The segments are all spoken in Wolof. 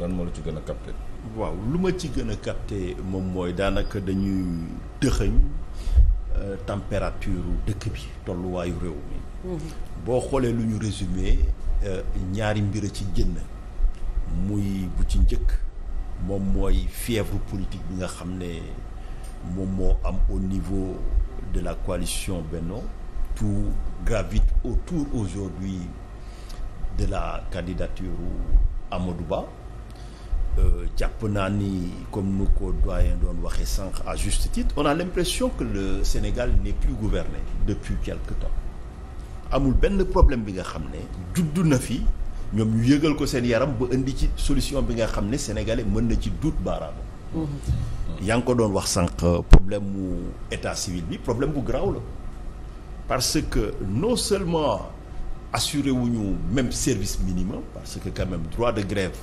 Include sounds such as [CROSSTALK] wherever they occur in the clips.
lan moo la ci gën a capté. waaw lu ma ci gën a capté moom mooy daanaka dañuy dëxëñ euh, température dëkk bi tolluwaayu réew mi. Mm-hmm. boo xoolee lu ñu résumé euh, ñaari mbir ci génn muy bu ci njëkk moom mooy fièvre politique bi nga xam ne moom moo am au niveau de la coalition Benno tout gravite autour aujourd'hui de la candidature Amadou Ba. Euh, jàpp naa ni comme nu ko doyen doon waxee sànq à juste titre on a l'impression que le Sénégal n'est plus gouverné depuis quelque temps amul benn problème bi nga xam ne juddu na fi ñoom ñu yëgal ko seen yaram ba indi ci solution bi nga xam ne sénégalais mën na ci duut baaraama mmh. yaa ngi ko doon wax sànq problème mu état civil bi problème bu garaaw la parce que non seulement assuré wuñu même service minimum parce que quand même droit de grève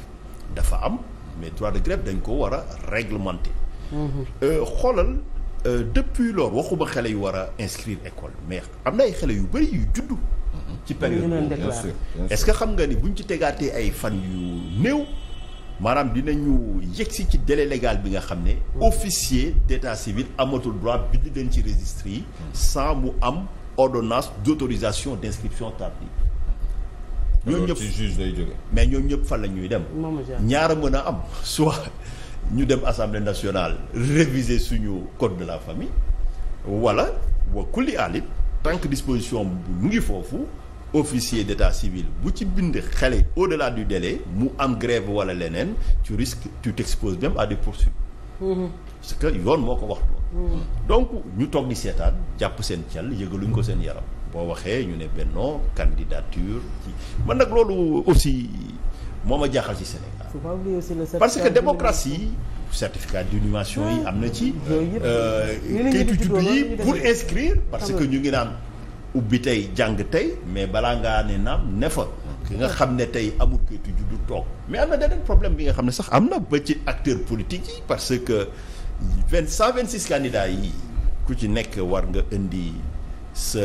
dafa am mais droit de grève dañ ko war a réglementer. Mhm. Euh, xoolal euh, depuis loolu waxuma xele yu war a inscrire école mais am na ay xele yu bëri yu juddu. ci mhm. période boobu est-ce que xam nga ni buñ ci tegaatee ay fan yu néew. maanaam dinañu yegsi ci délai légal bi nga xam ne. Mhm. officier d'état civil amatul droit bind leen ci registre yi. sans bu am ordonnance d'autorisation d'inscription tardive. ñoom ñëpp ci juge mais ñoom ñëpp fan la ñuy dem ñaara mën a am [LAUGHS] soit ñu dem assemblée nationale réviser suñu code de la famille wala wa kulli alit tant disposition bu mu ngi foofu officier d'état civil bu ci bind xale au-delà du délai mu am grève wala leneen tu risque tu t'exposes même à des poursuites mm-hmm. parce que yoon moo ko waxtu donc ñu toog di seetaan jàpp seen cal yëgaluñ ko seen yaram boo waxee ñu ne bennoo candidature ci man nag loolu aussi moo ma jaaxal ci Sénégal faut pas parce que démocratie certificat d'inhumation yi am na ci ah, euh, kayitu juddu yi pour inscrire parce que ah, ñu ngi naan ubbi tey jàng tey mais balaa ngaa ne naam ne ki nga xam ne tey amul kayitu juddu toog mais am na beneen problème bi nga xam ne sax am na ba ci acteur politique yi parce que vingt cent vingt six candidats yi ku ci nekk war nga indi sa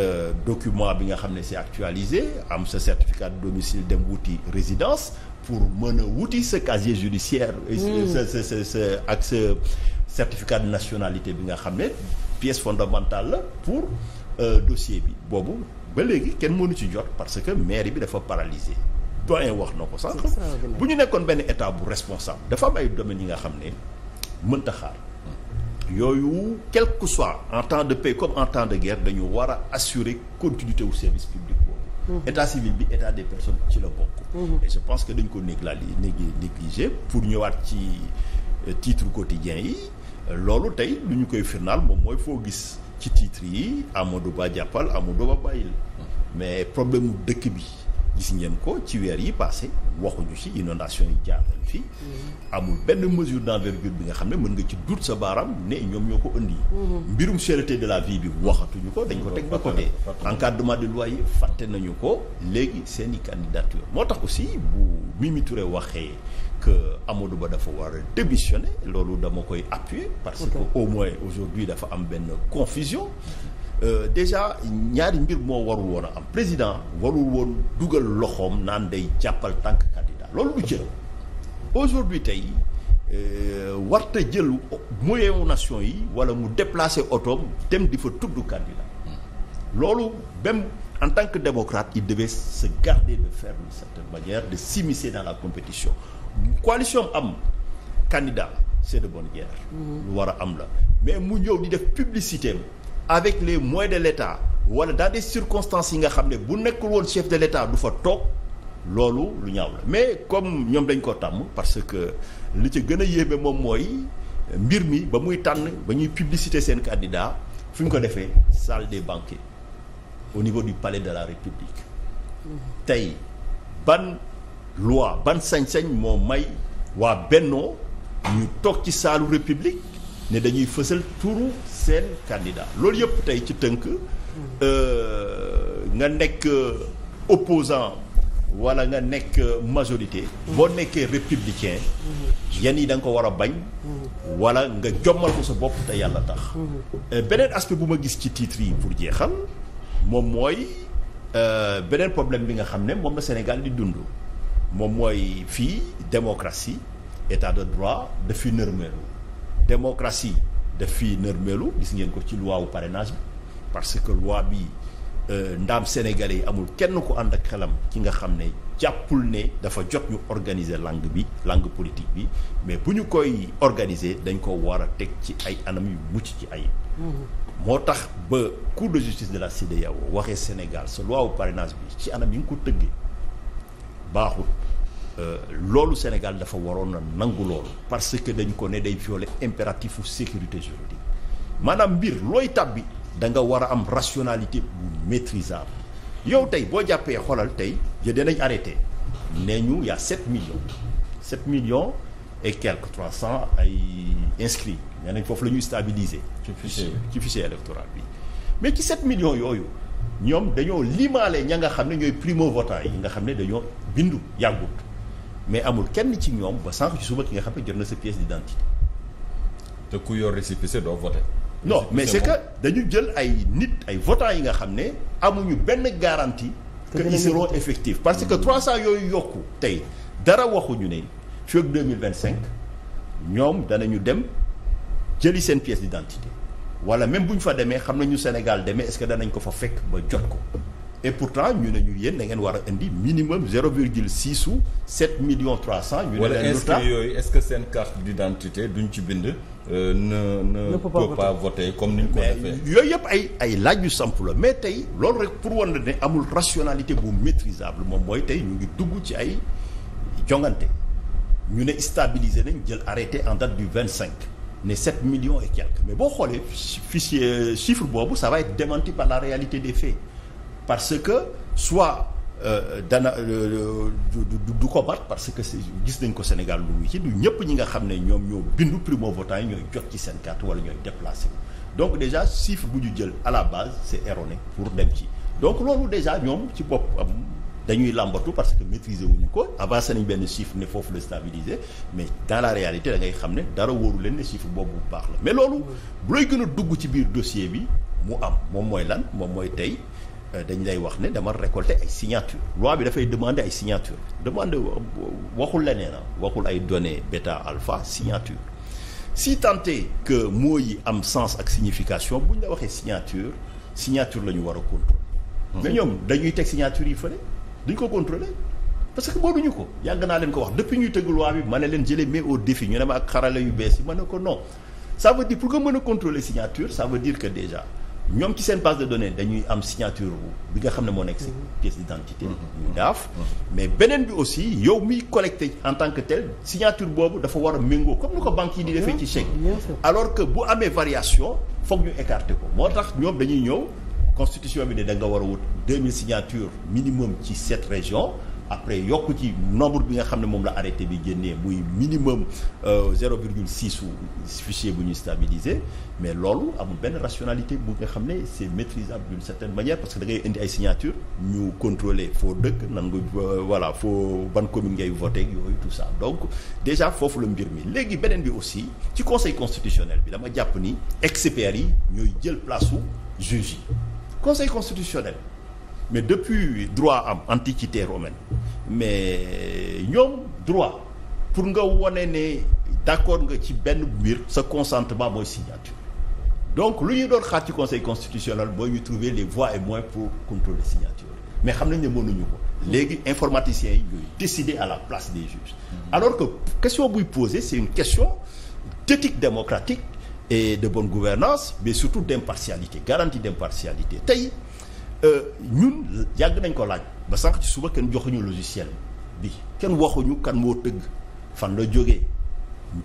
document bi nga xam ne c'est actualisé am sa certificat de dem wuti résidence pour mën a wuti sa casier judiciaire mm. sa sa sa ak sa certificat de nationalité bi nga xam ne pièce fondamentale la pour euh, dossier bi boobu ba léegi kenn mënu ci jot parce que maire bi dafa paralysé doyen wax na ko sax bu ñu nekkoon benn état bu responsable dafa am ay domaines yi nga xam ne mënta xaar yooyu quel soit en temps de paix comme en temps de guerre dañu war a assurer continuité service public boobu mhm. état civil bi état des personnes ci la bokk mhm. je pense que dañ ko néglali négligé pour ñëwaat ci euh, titre quotidien yi loolu tey lu ñu koy firnaal moom mooy foo gis ci titre yi Amadou Ba jàppal Amadou Ba bàyyil mhm. mais problème mu dëkk bi gis ngeen ko ci weer yi passé waxuñu ci inondation yi jaar nañ fii mm-hmm. amul benn mesure d'envergure bi nga xam ne mën nga ci dut sa baaraam ne ñoom ñoo ko indi mm-hmm. mbirum cherté de la vie bi waxatuñu ko dañ ko teg ba côté encadrement de loyer fàtte nañu ko léegi seeni candidature moo tax aussi bu Mimi Touré waxee que Amadou Ba dafa war a démissionner loolu dama koy appuyer parce que au moins aujourd'hui dafa am benn confusion Euh, déjà ñaari mbir moo warul woon a am président warul woon dugal loxoom naan day jàppal tànk candidat loolu lu jël aujourd'hui tey euh, warta jël moyenu nation yi wala mu déplacer otoom dem di fa tudd candidat loolu même en tant que démocrate il devait se garder de faire d'une certaine manière de s'immiscer dans la compétition coalition am candidat c'est de bonne guerre mm-hmm. lu war a am la mais mu ñëw di def publicité avec les moyens de l'État wala dans des circonstances yi nga xam ne bu nekkul woon chef de l'État du fa toog loolu lu ñaaw la mais comme ñoom dañ ko tàmm parce que li ci gën a yéeme moom mooy mbir mi ba muy tànn ba ñuy publicité seen candidat fu ñu ko defee salle des banquets au niveau du palais de la République tey ban loi ban sañ-sañ moo may waa Bennoo ñu toog ci saalu République ne dañuy fësal turu seen candidat loolu yëpp tey ci tënk hmm. euh, nga nekk opposant wala nga nekk majorité hmm. boo nekkee républicain hmm. yan yi da nga ko war a bañ wala nga jommal ko sa bopp te yàlla tax euh, beneen aspect bu ma gis ci titre yi pour jeexal moom mooy euh, beneen problème bi nga xam ne moom la Sénégal di dund moom mooy fii démocratie état de droit dafi nërmeelu démocratie def fii nërmeelu gis ngeen ko ci loi wu bi parce que loi bi euh, ndaam sénégalais yi amul kenn ku ànd ak xelam ki nga xam ne jàppul ne dafa jot ñu organiser langue bi langue politique bi mais bu ñu koy organiser dañ ko war a teg ci ay anam yu mucc ci ay mmh. moo tax ba cour de justice de la CEDEAO waxee Sénégal sa loi wu bi ci anam yi nga ko tëggee baaxul Euh, loolu Sénégal dafa waroon na nangu loolu parce que dañ ko ne day violer impératif u sécurité juridique maanaam mbir looy tàbbi da nga war a am rationalité bu maîtrisable yow tey boo jàppee xoolal tey jëndee nañ arrêté ne ñu y'a sept million sept million et quelques trois cent ay inscrits nee nañ foofu la ñuy stabiliser ci fichier électoral bi mais ci sept millions yooyu ñoom dañoo limaale ña nga xam ne ñooy primo votant yi nga xam ne dañoo bindu yàggut mais amul kenn ci ñoom ba sànq ci suba ki nga xam ne jot na sa pièce d'identité. te ku yor récépissé doo voté. non mais c'est que dañu jël ay nit ay votants yi nga xam ne amuñu benn garanti que ils seront parce que trois 300 yooyu yokku tey dara waxuñu ne fii ak 2025 ñoom ñu dem jëli seen pièce d'identité wala même bu ñu fa demee xam nañu Sénégal demee est-ce que danañ ko fa fekk ba jot ko. et pourtant ñu ne ñu yéen da ngeen war a indi minimum zéro virgule six ou sept millions trois cent. ñu ne leen lu yooyu est-ce que seen carte d'identité duñ ci bind. Euh, ne ne peut pas voter comme ni ñu ko defee. yooyu yëpp ay ay laaj yu samp mais tey loolu rek pour wan ne amul rationalité bu maitrisable moom mooy tey ñu ngi dugg ci ay jongante ñu ne stabiliser nañ jël arrêté en date du vingt cinq. ne sept millions et quelques mais boo xoolee fichier chiffre boobu ça va être démenti par la parce que soit euh, dana euh, du ko bat parce que gis nañ ko Sénégal lu ci du ñëpp ñi nga xam ne ñoom ñoo bindu primo votant yi ñooy jot ci seen carte wala ñooy déplacé donc déjà chiffre bu ñu jël à la base c'est erroné pour dem ci donc loolu déjà ñoom ci bopp am dañuy làmbatu parce que maîtriser wuñu ko avancé nañ benn chiffre ne foofu la stabiliser mais dans la réalité da xam ne dara wóoru leen ne chiffre boobu bu baax la mais loolu bu lay gën a dugg ci biir dossier bi mu am moom mooy lan moom mooy tey Euh, dañ lay wax ne dama récolter ay signature loi bi dafay demander ay signature demande euh, waxul leneen ah. waxul ay données beta alpha signature si tant est que mots yi am sens ak signification bu ñu la waxee signature signature la ñu war a contrôler hmm. mais ñoom dañuy teg signature yi fële duñ ko contrôler parce que mënuñu ko yàgg naa leen ko wax depuis ñuy tëgg loi bi ma ne leen jëlee mais au défi ñu ne ma ak xarale yu bees yi ma ne ko non ça veut dire pour nga mën a contrôler signature ça veut que déjà ñoom ci seen base de données dañuy am signature bi nga xam ne moo nekk si mhm. pièce d'identité mhm. ñu daaf mais beneen bi aussi yow muy collecté en tant que tel signature boobu dafa war a méngoo comme ni ko banque yi di defee ci chèque alors que bu amee variation foog ñu écarter ko moo tax ñoom dañuy ñëw constitution bi de da nga war a wut 2000 signatures minimum ci cette région après yokk ci nombre bi nga xam ne moom la arrêté bi génnee muy minimum euh, zéro virgule six ou fichier bu ñu stabiliser mais loolu amul benn rationalité bu nga xam ne c'est maîtrisable d'une certaine manière parce que da ngay indi ay signature ñu contrôler foo dëkk nan nga euh, voilà foo ban commune ngay voté yooyu tout ça donc déjà foofu la mbir mi léegi beneen bi aussi ci conseil constitutionnel bi dama jàpp ni ex-experts yi ñooy jël place su juge yi conseil constitutionnel mais depuis droit am antiquité romaine mais ñoom droit pour nga wone ne d'accord nga ci benn mbir sa consentement mooy signature donc lu ñuy doon xaar ci conseil constitutionnel boo ñu trouver les voies et moyens pour contrôler signature mais xam nañ ne mënuñu ko léegi informaticiens yi ñooy décider à la place des juges alors que question buy poser c'est une question d'éthique démocratique et de bonne gouvernance mais surtout d'impartialité garantie d'impartialité tey Euh, ñun jàgg nañ ko laaj ba sànq ci suba kenn joxuñu logiciel bi kenn waxuñu kan moo tëgg fan la jógee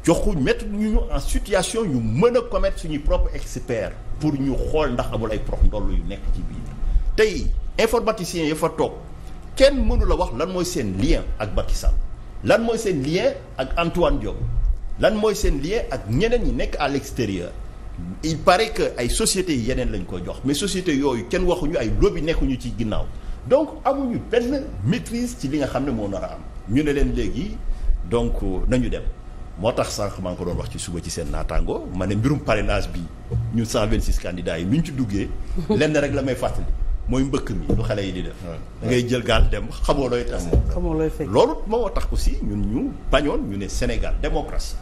joxuñ mettre ñu en situation ñu mën a suñuy propre expert pour ñu xool ndax amul ay prox ndoll yu nekk ci biir tey informaticiens ya fa toog kenn mënula wax lan mooy seen lien ak Macky lan mooy seen lien ak Antoine Diome lan mooy seen lien ak ñeneen yi nekk à l'extérieur il paraît que ay sociétés yi yeneen lañ ko jox mais société yooyu kenn waxuñu ay lobby nekkuñu ci ginnaaw donc amuñu benn maîtrise ci li nga xam ne moo nar am ñu ne leen léegi donc nañu dem moo tax sànq maa ngi ko doon wax ci suba ci seen naataango ma ne mbirum parrainage bi ñun 126 candidats yi lu ñu ci duggee [LAUGHS] lenn rek la may fàttali mooy mbëkk mi lu xale yi di def da ngay jël gaal dem xamoo looy tase loolu moo tax aussi ñun ñu bañoon ñu ne Sénégal démocratie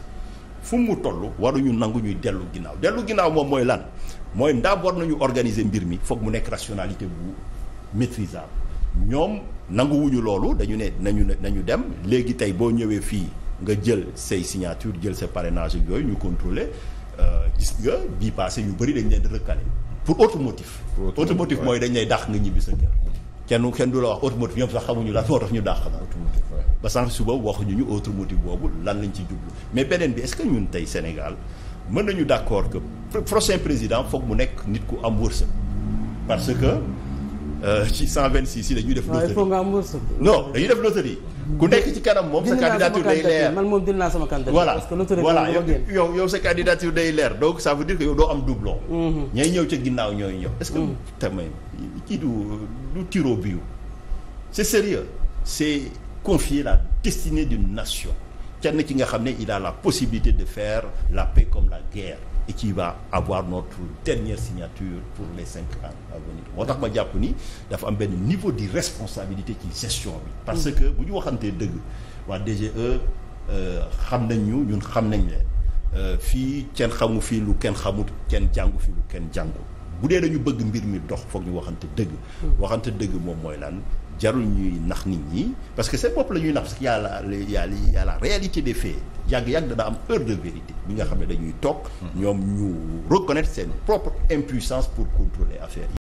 fu mu toll waruñu nangu ñuy dellu ginnaaw dellu ginnaaw moom mooy lan mooy ndax war nañu organiser mbir mi foog mu nekk rationalité bu maîtrisable ñoom nanguwuñu loolu dañu ne nañu ne nañu dem léegi tey boo ñëwee fii nga jël say signature jël sa parrainage yooyu ñu contrôler euh, gis nga bii passé yu bëri dañ leen di recalé pour autre motif. autre motif mooy dañ lay dàq nga ñibbi sa kër. kenn kenn du la wax autre motif ñoom sax xamuñu lan moo tax ñu dàq la. ba sànq suba waxuñu ñu autre motif boobu lan lañ ci jublu mais beneen bi est-ce que ñun tey Sénégal mën nañu d'accord que prochain président foog bu nekk nit ku am wërsëg parce que euh, ci 126 yi dañuy def. loterie waaw il faut nga am wërsëg. non dañuy def loterie ku nekk ci kanam moom sa candidature day leer man moom dindi sama candidature. voilà parce que loterie yow yow sa candidature day leer doo ça veut dire doo am doublon. Mhm. ñay ñëw ca ginnaaw ñooy ñëw. est-ce que mhm. tamit kii du du tiro biu c'est sérieux c'est confier la destinée d'une nation kenn ki nga xam ne il la possibilité de faire la paix comme la guerre et qui va avoir notre dernière signature pour les cinq ans à moo tax ma jàpp ni dafa am benn niveau di responsabilité ci gestion bi parce que bu ñu waxantee dëgg waa DGE euh, xam nañ ñu ñun xam nañ leen euh, fii kenn xamu fii lu kenn xamut kenn jàngu fii lu kenn jàngu bu dee dañu bëgg mbir mi dox foog ñu waxante dëgg hmm. waxante dëgg moom mooy laan jarul ñuy nax nit ñi parce que seen bopp la ñuy nax parce que y a la y a y réalité des faits yàgg-yàgg dana am heure de vérité bi nga xam ne dañuy toog hmm. ñoom ñu reconnaître seen propre impuissance pour contrôler affaire yi